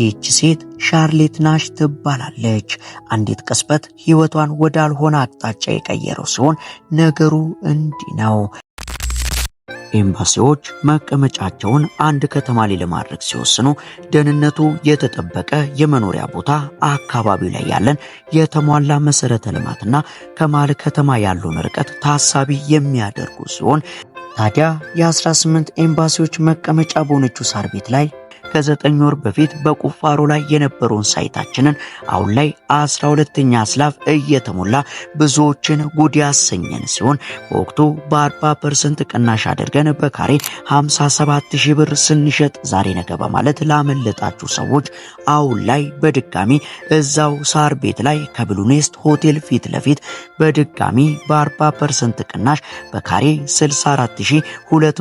ይህች ሴት ሻርሌት ናሽ ትባላለች። አንዲት ቅጽበት ሕይወቷን ወዳልሆነ አቅጣጫ የቀየረው ሲሆን ነገሩ እንዲህ ነው። ኤምባሲዎች መቀመጫቸውን አንድ ከተማ ላይ ለማድረግ ሲወስኑ ደህንነቱ የተጠበቀ የመኖሪያ ቦታ አካባቢው ላይ ያለን የተሟላ መሰረተ ልማትና ከመሀል ከተማ ያለውን ርቀት ታሳቢ የሚያደርጉ ሲሆን ታዲያ የ18 ኤምባሲዎች መቀመጫ በሆነችው ሳር ቤት ላይ ከዘጠኝ ወር በፊት በቁፋሮ ላይ የነበረውን ሳይታችንን አሁን ላይ አስራ ሁለተኛ አስላፍ እየተሞላ ብዙዎችን ጉድ ያሰኘን ሲሆን በወቅቱ በአርባ ፐርሰንት ቅናሽ አድርገን በካሬ ሰባት ሺህ ብር ስንሸጥ ዛሬ ነገ በማለት ላመለጣችሁ ሰዎች አሁን ላይ በድጋሚ እዛው ሳር ቤት ላይ ከብሉኔስት ሆቴል ፊት ለፊት በድጋሚ በ ፐርሰንት ቅናሽ በካሬ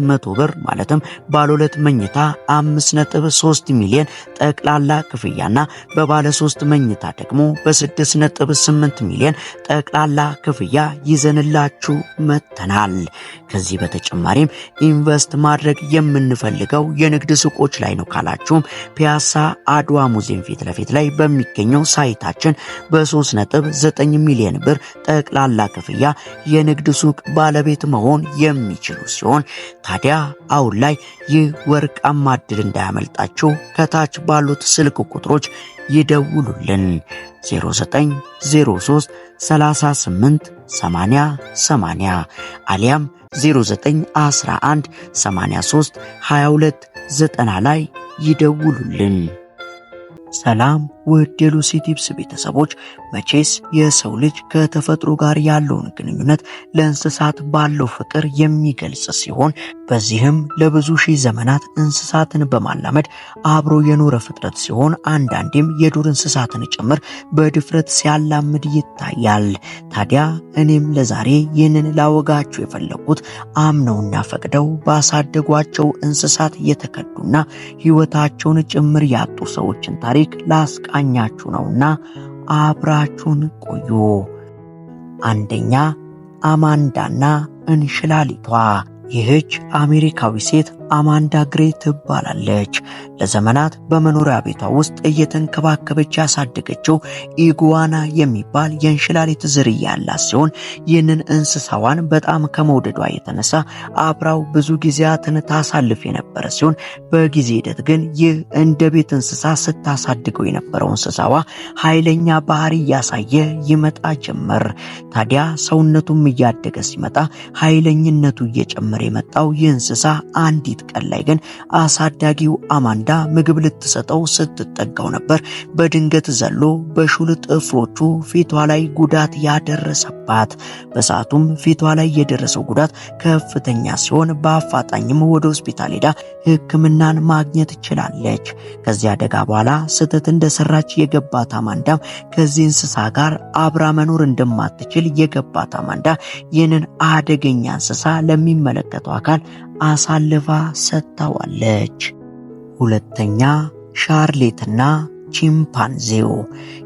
መቶ ብር ማለትም ባለ ሁለት መኝታ 5 ነጥብ በ ሚሊዮን ጠቅላላ ክፍያና በባለ 3 መኝታ ደግሞ በ6.8 ሚሊዮን ጠቅላላ ክፍያ ይዘንላችሁ መጥተናል። ከዚህ በተጨማሪም ኢንቨስት ማድረግ የምንፈልገው የንግድ ሱቆች ላይ ነው ካላችሁም ፒያሳ አድዋ ሙዚየም ፊት ለፊት ላይ በሚገኘው ሳይታችን በ3.9 ሚሊዮን ብር ጠቅላላ ክፍያ የንግድ ሱቅ ባለቤት መሆን የሚችሉ ሲሆን ታዲያ አሁን ላይ ይህ ወርቃማ እድል እንዳያመልጥ ካጣችሁ ከታች ባሉት ስልክ ቁጥሮች ይደውሉልን 0903 38 80 80 አሊያም 0911 83 22 90 ላይ ይደውሉልን። ሰላም ውድ የሉሲ ቲፕስ ቤተሰቦች መቼስ የሰው ልጅ ከተፈጥሮ ጋር ያለውን ግንኙነት ለእንስሳት ባለው ፍቅር የሚገልጽ ሲሆን በዚህም ለብዙ ሺህ ዘመናት እንስሳትን በማላመድ አብሮ የኖረ ፍጥረት ሲሆን አንዳንዴም የዱር እንስሳትን ጭምር በድፍረት ሲያላምድ ይታያል። ታዲያ እኔም ለዛሬ ይህንን ላወጋችሁ የፈለግኩት አምነውና ፈቅደው ባሳደጓቸው እንስሳት የተከዱና ሕይወታቸውን ጭምር ያጡ ሰዎችን ታሪክ ላስቃ ሊያቃኛችሁ ነውና አብራችሁን ቆዩ። አንደኛ አማንዳና እንሽላሊቷ። ይህች አሜሪካዊ ሴት አማንዳ ግሬ ትባላለች። ለዘመናት በመኖሪያ ቤቷ ውስጥ እየተንከባከበች ያሳደገችው ኢጉዋና የሚባል የእንሽላሊት ዝርያ ያላት ሲሆን ይህንን እንስሳዋን በጣም ከመውደዷ የተነሳ አብራው ብዙ ጊዜያትን ታሳልፍ የነበረ ሲሆን በጊዜ ሂደት ግን ይህ እንደ ቤት እንስሳ ስታሳድገው የነበረው እንስሳዋ ኃይለኛ ባህሪ እያሳየ ይመጣ ጀመር። ታዲያ ሰውነቱም እያደገ ሲመጣ ኃይለኝነቱ እየጨመረ የመጣው ይህ እንስሳ አንዲት አንዲት ቀን ላይ ግን አሳዳጊው አማንዳ ምግብ ልትሰጠው ስትጠጋው ነበር በድንገት ዘሎ በሹል ጥፍሮቹ ፊቷ ላይ ጉዳት ያደረሰባት። በሰዓቱም ፊቷ ላይ የደረሰው ጉዳት ከፍተኛ ሲሆን በአፋጣኝም ወደ ሆስፒታል ሄዳ ሕክምናን ማግኘት ችላለች። ከዚህ አደጋ በኋላ ስህተት እንደሰራች የገባት አማንዳም ከዚህ እንስሳ ጋር አብራ መኖር እንደማትችል የገባት አማንዳ ይህንን አደገኛ እንስሳ ለሚመለከተው አካል አሳልፋ ሰጥታዋለች። ሁለተኛ ሻርሌትና ቺምፓንዚው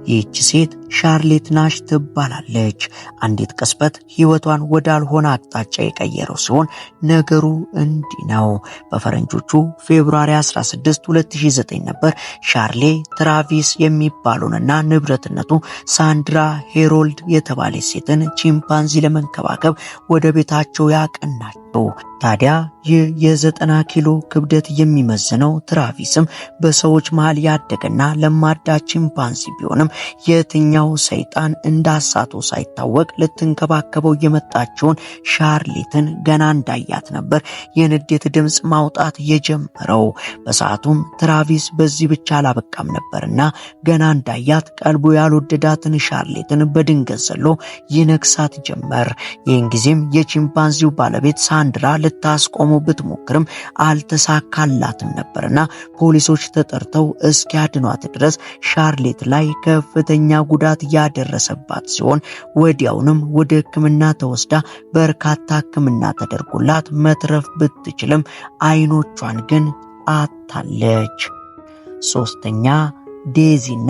ይህች ሴት ሻርሌት ናሽ ትባላለች። አንዲት ቅጽበት ህይወቷን ወዳልሆነ አቅጣጫ የቀየረው ሲሆን ነገሩ እንዲህ ነው። በፈረንጆቹ ፌብሩዋሪ 16 2009 ነበር ሻርሌ ትራቪስ የሚባለውንና ንብረትነቱ ሳንድራ ሄሮልድ የተባለች ሴትን ቺምፓንዚ ለመንከባከብ ወደ ቤታቸው ያቀናቸው። ታዲያ ይህ የዘጠና ኪሎ ክብደት የሚመዝነው ትራቪስም በሰዎች መሃል ያደገና ለማዳ ቺምፓንዚ ቢሆንም የትኛው ሌላው ሰይጣን እንዳሳቶ ሳይታወቅ ልትንከባከበው የመጣችውን ሻርሊትን ገና እንዳያት ነበር የንዴት ድምፅ ማውጣት የጀመረው። በሰዓቱም ትራቪስ በዚህ ብቻ አላበቃም ነበርና ገና እንዳያት ቀልቡ ያልወደዳትን ሻርሊትን በድንገት ዘሎ ይነክሳት ጀመር። ይህን ጊዜም የቺምፓንዚው ባለቤት ሳንድራ ልታስቆሙ ብትሞክርም አልተሳካላትም ነበርና ፖሊሶች ተጠርተው እስኪያድኗት ድረስ ሻርሊት ላይ ከፍተኛ ጉዳት ጉዳት ያደረሰባት ሲሆን ወዲያውንም ወደ ሕክምና ተወስዳ በርካታ ሕክምና ተደርጎላት መትረፍ ብትችልም አይኖቿን ግን አታለች። ሶስተኛ ዴዚና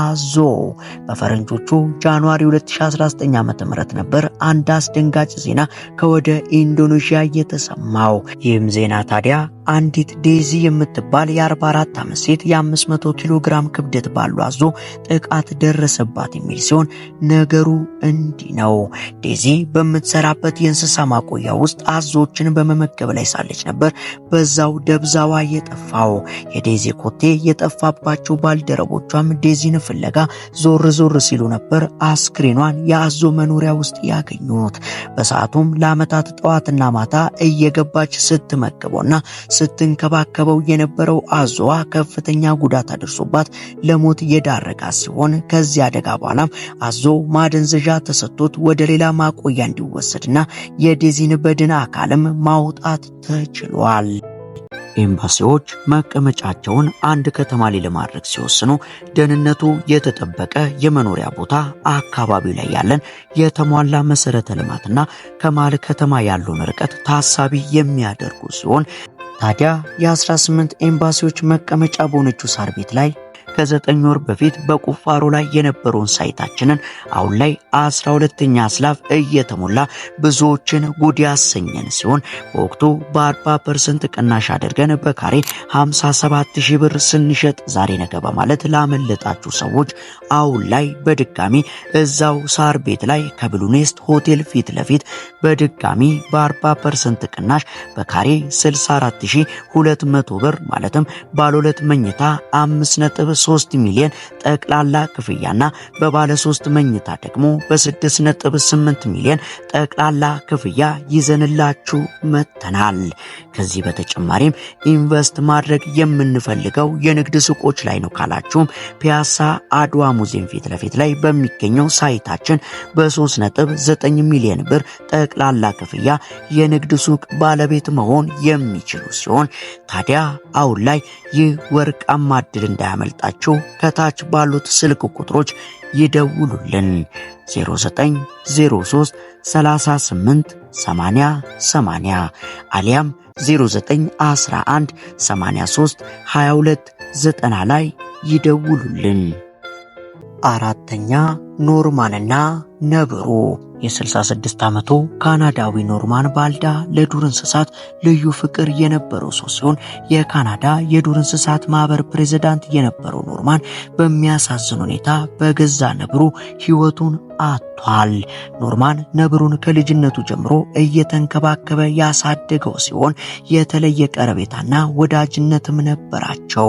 አዞ በፈረንጆቹ ጃንዋሪ 2019 ም ነበር አንድ አስደንጋጭ ዜና ከወደ ኢንዶኔዥያ የተሰማው። ይህም ዜና ታዲያ አንዲት ዴዚ የምትባል የ44 ዓመት ሴት የ500 ኪሎ ግራም ክብደት ባሉ አዞ ጥቃት ደረሰባት የሚል ሲሆን ነገሩ እንዲህ ነው። ዴዚ በምትሰራበት የእንስሳ ማቆያ ውስጥ አዞዎችን በመመገብ ላይ ሳለች ነበር በዛው ደብዛዋ የጠፋው። የዴዚ ኮቴ የጠፋባቸው ባልደረቦቿም ዴዚን አስክሬን ፍለጋ ዞር ዞር ሲሉ ነበር አስክሬኗን የአዞ መኖሪያ ውስጥ ያገኙት። በሰዓቱም ለዓመታት ጠዋትና ማታ እየገባች ስትመግበውና ስትንከባከበው የነበረው አዞዋ ከፍተኛ ጉዳት አድርሶባት ለሞት የዳረጋ ሲሆን ከዚህ አደጋ በኋላም አዞ ማደንዘዣ ተሰጥቶት ወደ ሌላ ማቆያ እንዲወሰድና የዴዚን በድን አካልም ማውጣት ተችሏል። ኤምባሲዎች መቀመጫቸውን አንድ ከተማ ላይ ለማድረግ ሲወስኑ ደህንነቱ የተጠበቀ የመኖሪያ ቦታ አካባቢው ላይ ያለን የተሟላ መሰረተ ልማትና ከመሀል ከተማ ያለውን ርቀት ታሳቢ የሚያደርጉ ሲሆን ታዲያ የ18 ኤምባሲዎች መቀመጫ በሆነችው ሳር ቤት ላይ ከዘጠኝ ወር በፊት በቁፋሮ ላይ የነበረውን ሳይታችንን አሁን ላይ አስራ ሁለተኛ አስላፍ እየተሞላ ብዙዎችን ጉድ ያሰኘን ሲሆን በወቅቱ በ ፐርሰንት ቅናሽ አድርገን በካሬ ሰባት ሺህ ብር ስንሸጥ ዛሬ ነገ በማለት ላመለጣችሁ ሰዎች አሁን ላይ በድጋሚ እዛው ሳር ቤት ላይ ከብሉኔስት ሆቴል ፊት ለፊት በድጋሚ በአርባ ፐርሰንት ቅናሽ በካሬ 64200 ብር ማለትም ባለ ሁለት መኝታ 5 ነጥብ 3 ሚሊዮን ጠቅላላ ክፍያና በባለ 3 መኝታ ደግሞ በ6.8 ሚሊዮን ጠቅላላ ክፍያ ይዘንላችሁ መጥተናል። ከዚህ በተጨማሪም ኢንቨስት ማድረግ የምንፈልገው የንግድ ሱቆች ላይ ነው ካላችሁም ፒያሳ አድዋ ሙዚየም ፊት ለፊት ላይ በሚገኘው ሳይታችን በ3.9 ሚሊዮን ብር ጠቅላላ ክፍያ የንግድ ሱቅ ባለቤት መሆን የሚችሉ ሲሆን ታዲያ አሁን ላይ ይህ ወርቃማ እድል እንዳያመልጣ ካላችሁ ከታች ባሉት ስልክ ቁጥሮች ይደውሉልን። 0903 38 80 80 አሊያም 0911 83 22 90 ላይ ይደውሉልን። አራተኛ ኖርማንና ነብሩ የ66 ዓመቱ ካናዳዊ ኖርማን ባልዳ ለዱር እንስሳት ልዩ ፍቅር የነበረው ሰው ሲሆን የካናዳ የዱር እንስሳት ማህበር ፕሬዚዳንት የነበረው ኖርማን በሚያሳዝን ሁኔታ በገዛ ነብሩ ሕይወቱን አጥቷል። ኖርማን ነብሩን ከልጅነቱ ጀምሮ እየተንከባከበ ያሳደገው ሲሆን የተለየ ቀረቤታና ወዳጅነትም ነበራቸው።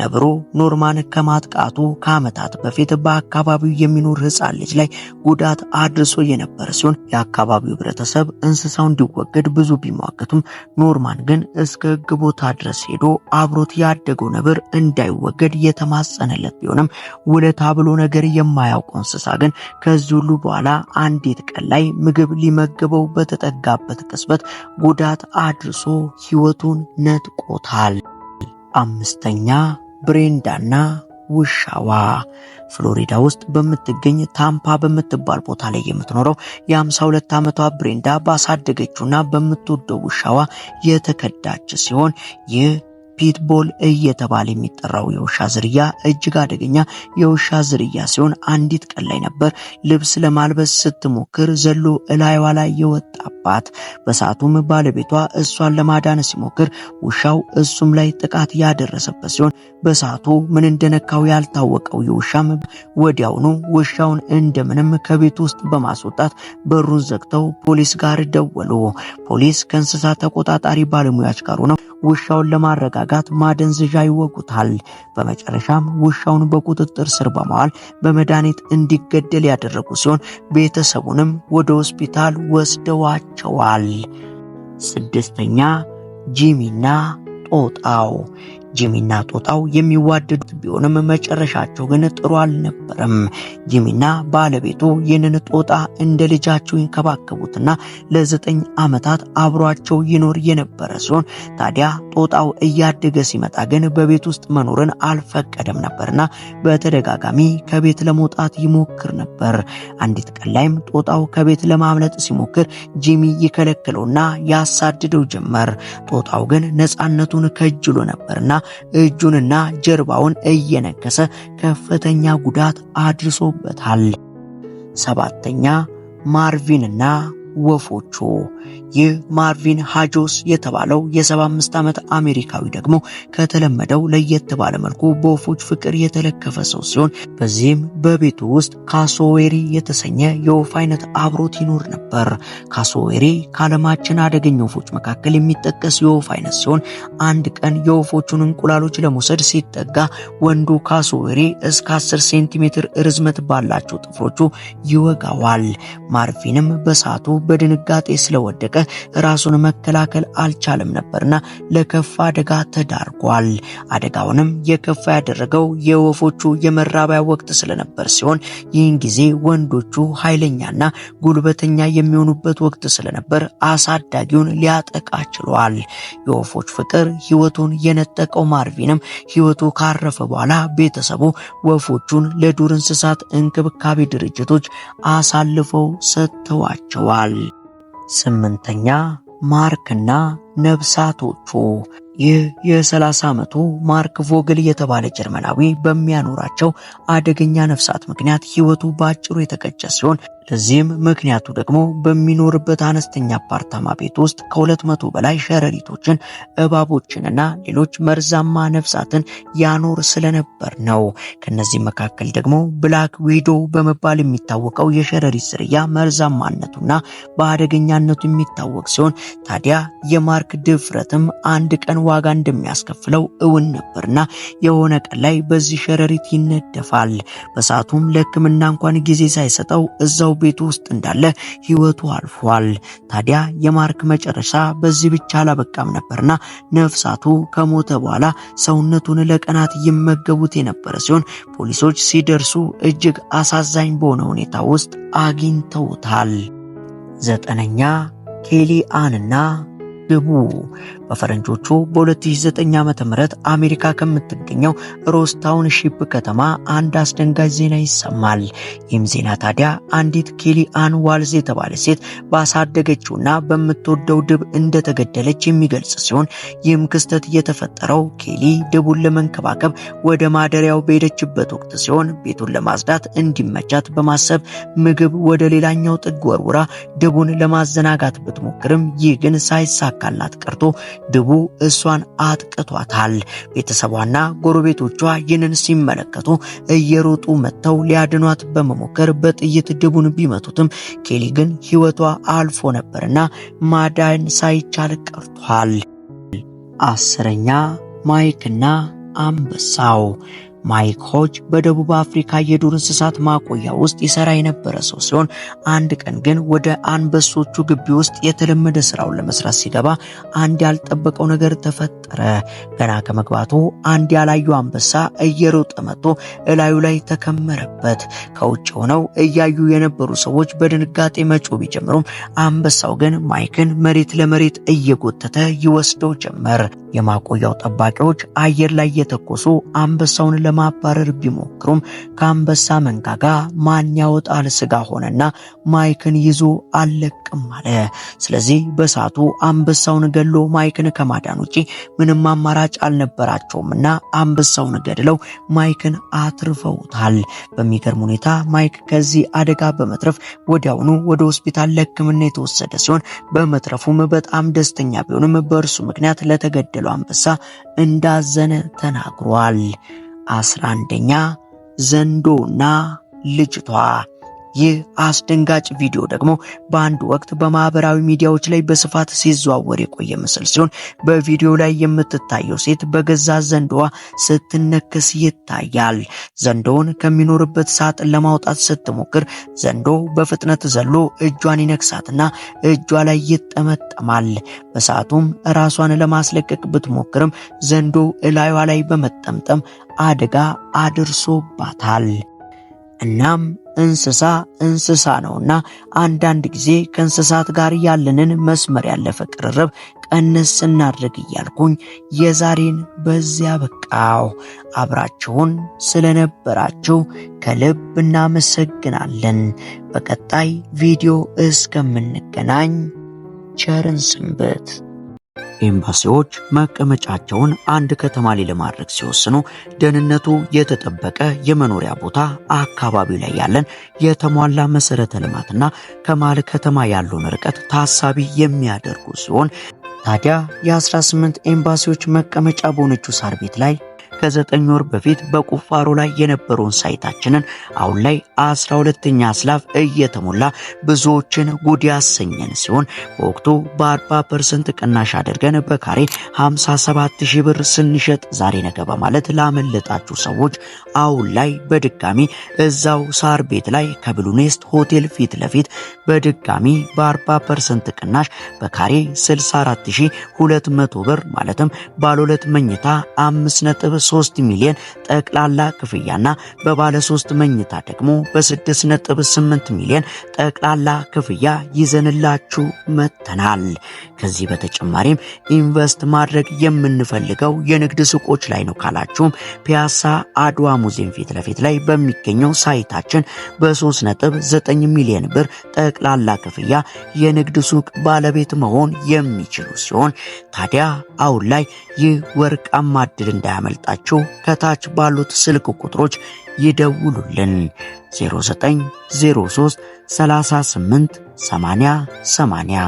ነብሩ ኖርማን ከማጥቃቱ ከዓመታት በፊት በአካባቢው የሚኖር ሕፃን ልጅ ላይ ጉዳት አድርሶ የነበረ ሲሆን የአካባቢው ህብረተሰብ እንስሳው እንዲወገድ ብዙ ቢሟገቱም ኖርማን ግን እስከ ሕግ ቦታ ድረስ ሄዶ አብሮት ያደገው ነብር እንዳይወገድ የተማጸነለት ቢሆንም ውለታ ብሎ ነገር የማያውቀው እንስሳ ግን ከ ከዚህ ሁሉ በኋላ አንዲት ቀን ላይ ምግብ ሊመገበው በተጠጋበት ቅጽበት ጉዳት አድርሶ ሕይወቱን ነጥቆታል። አምስተኛ ብሬንዳና ውሻዋ ፍሎሪዳ ውስጥ በምትገኝ ታምፓ በምትባል ቦታ ላይ የምትኖረው የ52 ዓመቷ ብሬንዳ ባሳደገችውና በምትወደው ውሻዋ የተከዳች ሲሆን ይህ ፒትቦል እየተባለ የሚጠራው የውሻ ዝርያ እጅግ አደገኛ የውሻ ዝርያ ሲሆን አንዲት ቀን ላይ ነበር ልብስ ለማልበስ ስትሞክር ዘሎ እላይዋ ላይ የወጣባት። በሰዓቱም ባለቤቷ እሷን ለማዳን ሲሞክር ውሻው እሱም ላይ ጥቃት ያደረሰበት ሲሆን በሰዓቱ ምን እንደነካው ያልታወቀው የውሻም ወዲያውኑ ውሻውን እንደምንም ከቤት ውስጥ በማስወጣት በሩን ዘግተው ፖሊስ ጋር ደወሉ። ፖሊስ ከእንስሳት ተቆጣጣሪ ባለሙያዎች ጋር ሆነው ውሻውን ለማረጋገጥ በመዋጋት ማደንዘዣ ይወጉታል። በመጨረሻም ውሻውን በቁጥጥር ስር በመዋል በመድኃኒት እንዲገደል ያደረጉ ሲሆን ቤተሰቡንም ወደ ሆስፒታል ወስደዋቸዋል። ስድስተኛ ጂሚና ጦጣው ጂሚና ጦጣው የሚዋደዱት ቢሆንም መጨረሻቸው ግን ጥሩ አልነበረም። ጂሚና ባለቤቱ ይህንን ጦጣ እንደ ልጃቸው ይንከባከቡትና ለዘጠኝ ዓመታት አብሯቸው ይኖር የነበረ ሲሆን ታዲያ ጦጣው እያደገ ሲመጣ ግን በቤት ውስጥ መኖርን አልፈቀደም ነበርና በተደጋጋሚ ከቤት ለመውጣት ይሞክር ነበር። አንዲት ቀን ላይም ጦጣው ከቤት ለማምለጥ ሲሞክር ጂሚ ይከለክለውና ያሳድደው ጀመር። ጦጣው ግን ነፃነቱን ከጅሎ ነበርና እጁንና ጀርባውን እየነከሰ ከፍተኛ ጉዳት አድርሶበታል። ሰባተኛ ማርቪንና ወፎቹ ይህ ማርቪን ሃጆስ የተባለው የ75 ዓመት አሜሪካዊ ደግሞ ከተለመደው ለየት ባለ መልኩ በወፎች ፍቅር የተለከፈ ሰው ሲሆን በዚህም በቤቱ ውስጥ ካሶዌሪ የተሰኘ የወፍ አይነት አብሮት ይኖር ነበር። ካሶዌሪ ከዓለማችን አደገኛ ወፎች መካከል የሚጠቀስ የወፍ አይነት ሲሆን አንድ ቀን የወፎቹን እንቁላሎች ለመውሰድ ሲጠጋ ወንዱ ካሶዌሪ እስከ 10 ሴንቲሜትር ርዝመት ባላቸው ጥፍሮቹ ይወጋዋል። ማርቪንም በሰዓቱ በድንጋጤ ስለወደቀ ራሱን መከላከል አልቻለም ነበርና ለከፋ አደጋ ተዳርጓል። አደጋውንም የከፋ ያደረገው የወፎቹ የመራቢያ ወቅት ስለነበር ሲሆን ይህን ጊዜ ወንዶቹ ኃይለኛና ጉልበተኛ የሚሆኑበት ወቅት ስለነበር አሳዳጊውን ሊያጠቃ ችሏል። የወፎች ፍቅር ህይወቱን የነጠቀው ማርቪንም ህይወቱ ካረፈ በኋላ ቤተሰቡ ወፎቹን ለዱር እንስሳት እንክብካቤ ድርጅቶች አሳልፈው ሰጥተዋቸዋል። ይላል። ስምንተኛ ማርክና ነብሳቶቹ ይህ የ30 ዓመቱ ማርክ ቮግል የተባለ ጀርመናዊ በሚያኖራቸው አደገኛ ነፍሳት ምክንያት ሕይወቱ በአጭሩ የተቀጨ ሲሆን ለዚህም ምክንያቱ ደግሞ በሚኖርበት አነስተኛ አፓርታማ ቤት ውስጥ ከሁለት መቶ በላይ ሸረሪቶችን እባቦችንና ሌሎች መርዛማ ነፍሳትን ያኖር ስለነበር ነው። ከነዚህ መካከል ደግሞ ብላክ ዊዶ በመባል የሚታወቀው የሸረሪት ዝርያ መርዛማነቱና በአደገኛነቱ የሚታወቅ ሲሆን ታዲያ የማርክ ድፍረትም አንድ ቀን ዋጋ እንደሚያስከፍለው እውን ነበርና የሆነ ቀን ላይ በዚህ ሸረሪት ይነደፋል። በሰዓቱም ለሕክምና እንኳን ጊዜ ሳይሰጠው እዛው ቤት ውስጥ እንዳለ ህይወቱ አልፏል። ታዲያ የማርክ መጨረሻ በዚህ ብቻ አላበቃም ነበርና ነፍሳቱ ከሞተ በኋላ ሰውነቱን ለቀናት ይመገቡት የነበረ ሲሆን ፖሊሶች ሲደርሱ እጅግ አሳዛኝ በሆነ ሁኔታ ውስጥ አግኝተውታል። ዘጠነኛ ኬሊ አንና ግቡ። በፈረንጆቹ በ2009 ዓ.ም አሜሪካ ከምትገኘው ሮስ ታውንሺፕ ከተማ አንድ አስደንጋጭ ዜና ይሰማል። ይህም ዜና ታዲያ አንዲት ኬሊ አን ዋልዝ የተባለ ሴት ባሳደገችውና በምትወደው ድብ እንደተገደለች የሚገልጽ ሲሆን ይህም ክስተት የተፈጠረው ኬሊ ድቡን ለመንከባከብ ወደ ማደሪያው በሄደችበት ወቅት ሲሆን ቤቱን ለማጽዳት እንዲመቻት በማሰብ ምግብ ወደ ሌላኛው ጥግ ወርውራ ድቡን ለማዘናጋት ብትሞክርም ይህ ግን ሳይሳካ ሳይሳካላት ቀርቶ ድቡ እሷን አጥቅቷታል። ቤተሰቧና ጎረቤቶቿ ይህንን ሲመለከቱ እየሮጡ መጥተው ሊያድኗት በመሞከር በጥይት ድቡን ቢመቱትም ኬሊ ግን ሕይወቷ አልፎ ነበርና ማዳን ሳይቻል ቀርቷል። አስረኛ ማይክና አንበሳው ማይኮች በደቡብ አፍሪካ የዱር እንስሳት ማቆያ ውስጥ ይሰራ የነበረ ሰው ሲሆን አንድ ቀን ግን ወደ አንበሶቹ ግቢ ውስጥ የተለመደ ስራውን ለመስራት ሲገባ አንድ ያልጠበቀው ነገር ተፈጠረ። ገና ከመግባቱ አንድ ያላየው አንበሳ እየሮጠ መጥቶ እላዩ ላይ ተከመረበት። ከውጭ ሆነው እያዩ የነበሩ ሰዎች በድንጋጤ መጮ ቢጀምሩም አንበሳው ግን ማይክን መሬት ለመሬት እየጎተተ ይወስደው ጀመር። የማቆያው ጠባቂዎች አየር ላይ የተኮሱ አንበሳውን ለማባረር ቢሞክሩም ከአንበሳ መንጋጋ ማን ያወጣል ስጋ ሆነና ማይክን ይዞ አለቅም አለ። ስለዚህ በሳቱ አንበሳውን ገሎ ማይክን ከማዳን ውጪ ምንም አማራጭ አልነበራቸውምና አንበሳውን ገድለው ማይክን አትርፈውታል። በሚገርም ሁኔታ ማይክ ከዚህ አደጋ በመትረፍ ወዲያውኑ ወደ ሆስፒታል ለሕክምና የተወሰደ ሲሆን በመትረፉም በጣም ደስተኛ ቢሆንም በእርሱ ምክንያት ለተገደለው አንበሳ እንዳዘነ ተናግሯል። አስራ አንደኛ ዘንዶና ልጅቷ ይህ አስደንጋጭ ቪዲዮ ደግሞ በአንድ ወቅት በማህበራዊ ሚዲያዎች ላይ በስፋት ሲዘዋወር የቆየ ምስል ሲሆን በቪዲዮ ላይ የምትታየው ሴት በገዛ ዘንዶዋ ስትነከስ ይታያል። ዘንዶውን ከሚኖርበት ሳጥን ለማውጣት ስትሞክር ዘንዶ በፍጥነት ዘሎ እጇን ይነክሳትና እጇ ላይ ይጠመጠማል። በሰዓቱም ራሷን ለማስለቀቅ ብትሞክርም ዘንዶ እላዩዋ ላይ በመጠምጠም አደጋ አድርሶባታል። እናም እንስሳ እንስሳ ነውና አንዳንድ ጊዜ ከእንስሳት ጋር ያለንን መስመር ያለፈ ቅርርብ ቀንስ እናድርግ እያልኩኝ የዛሬን በዚያ በቃው። አብራችሁን ስለነበራችሁ ከልብ እናመሰግናለን። በቀጣይ ቪዲዮ እስከምንገናኝ ቸርን ስንብት። ኤምባሲዎች መቀመጫቸውን አንድ ከተማ ላይ ለማድረግ ሲወስኑ ደህንነቱ የተጠበቀ የመኖሪያ ቦታ አካባቢው ላይ ያለን የተሟላ መሰረተ ልማትና ከመሀል ከተማ ያለውን ርቀት ታሳቢ የሚያደርጉ ሲሆን ታዲያ የ18 ኤምባሲዎች መቀመጫ በሆነችው ሳር ቤት ላይ ከዘጠኝ ወር በፊት በቁፋሮ ላይ የነበረውን ሳይታችንን አሁን ላይ አስራ ሁለተኛ አስላፍ እየተሞላ ብዙዎችን ጉድ ያሰኘን ሲሆን በወቅቱ በአርባ ፐርሰንት ቅናሽ አድርገን በካሬ ሰባት ሺህ ብር ስንሸጥ ዛሬ ነገ በማለት ላመለጣችሁ ሰዎች አሁን ላይ በድጋሚ እዛው ሳር ቤት ላይ ከብሉኔስት ሆቴል ፊት ለፊት በድጋሚ በአርባ ፐርሰንት ቅናሽ በካሬ 64200 ብር ማለትም ባለ ሁለት መኝታ 5 ነጥብ 3 ሚሊዮን ጠቅላላ ክፍያና በባለ 3 መኝታ ደግሞ በ6.8 ሚሊዮን ጠቅላላ ክፍያ ይዘንላችሁ መጥተናል። ከዚህ በተጨማሪም ኢንቨስት ማድረግ የምንፈልገው የንግድ ሱቆች ላይ ነው ካላችሁም ፒያሳ አድዋ ሙዚየም ፊት ለፊት ላይ በሚገኘው ሳይታችን በ3.9 ሚሊዮን ብር ጠቅላላ ክፍያ የንግድ ሱቅ ባለቤት መሆን የሚችሉ ሲሆን ታዲያ አሁን ላይ ይህ ወርቃማ እድል እንዳያመልጣችሁ ካላችሁ ከታች ባሉት ስልክ ቁጥሮች ይደውሉልን 0903 38 80 80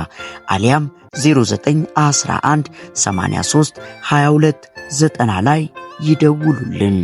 አሊያም 0911 83 22 90 ላይ ይደውሉልን።